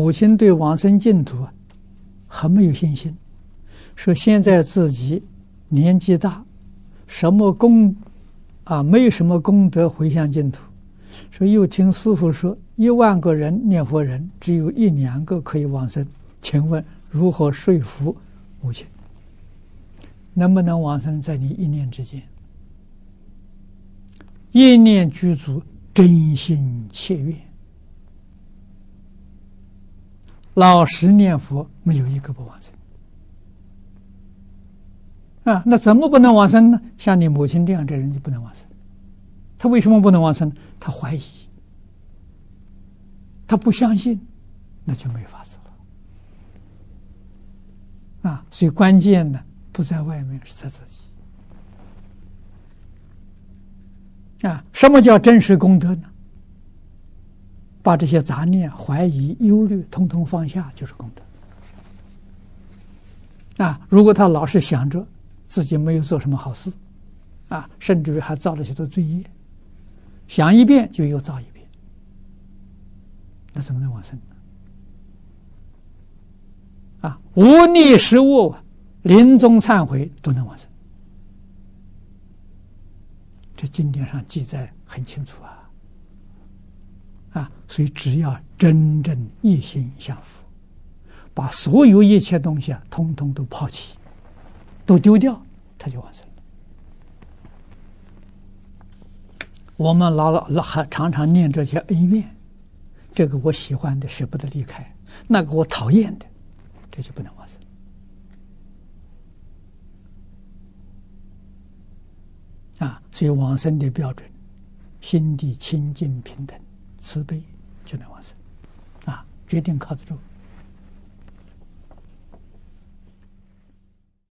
母親對往生淨土啊很沒有信心，說現在自己年紀大，什麼功啊，沒有什麼功德回向淨土，所以又聽師父說一萬個人念佛人，只有一兩個可以往生。請問如何說服母親？能不能往生在你一念之間？一念具足，真心切願。老實念佛，沒有一個不往生啊！那怎麼不能往生呢？像你母親這樣的人就不能往生，他為什麼不能往生？他懷疑，他不相信，那就沒法子了啊！所以關鍵呢，不在外面，是在自己啊！什麼叫真實功德呢？把這些雜念、懷疑、憂慮通通放下，就是功德。啊，如果他老是想着自己沒有做什麼好事，啊，甚至於還造了許多罪業，想一遍就又造一遍，那怎麼能往生啊？啊，五逆十惡，臨終懺悔都能往生，這經典上記載很清楚啊。啊，所以只要真正一心向佛，把所有一切東西啊，通通都拋棄、都丟掉，他就往生了。我們老老老還常常念這些恩怨，這個我喜歡的捨不得離開，那個我討厭的，這就不能往生。啊，所以往生的標準，心地清淨平等，慈悲就能往生，啊，決定靠得住。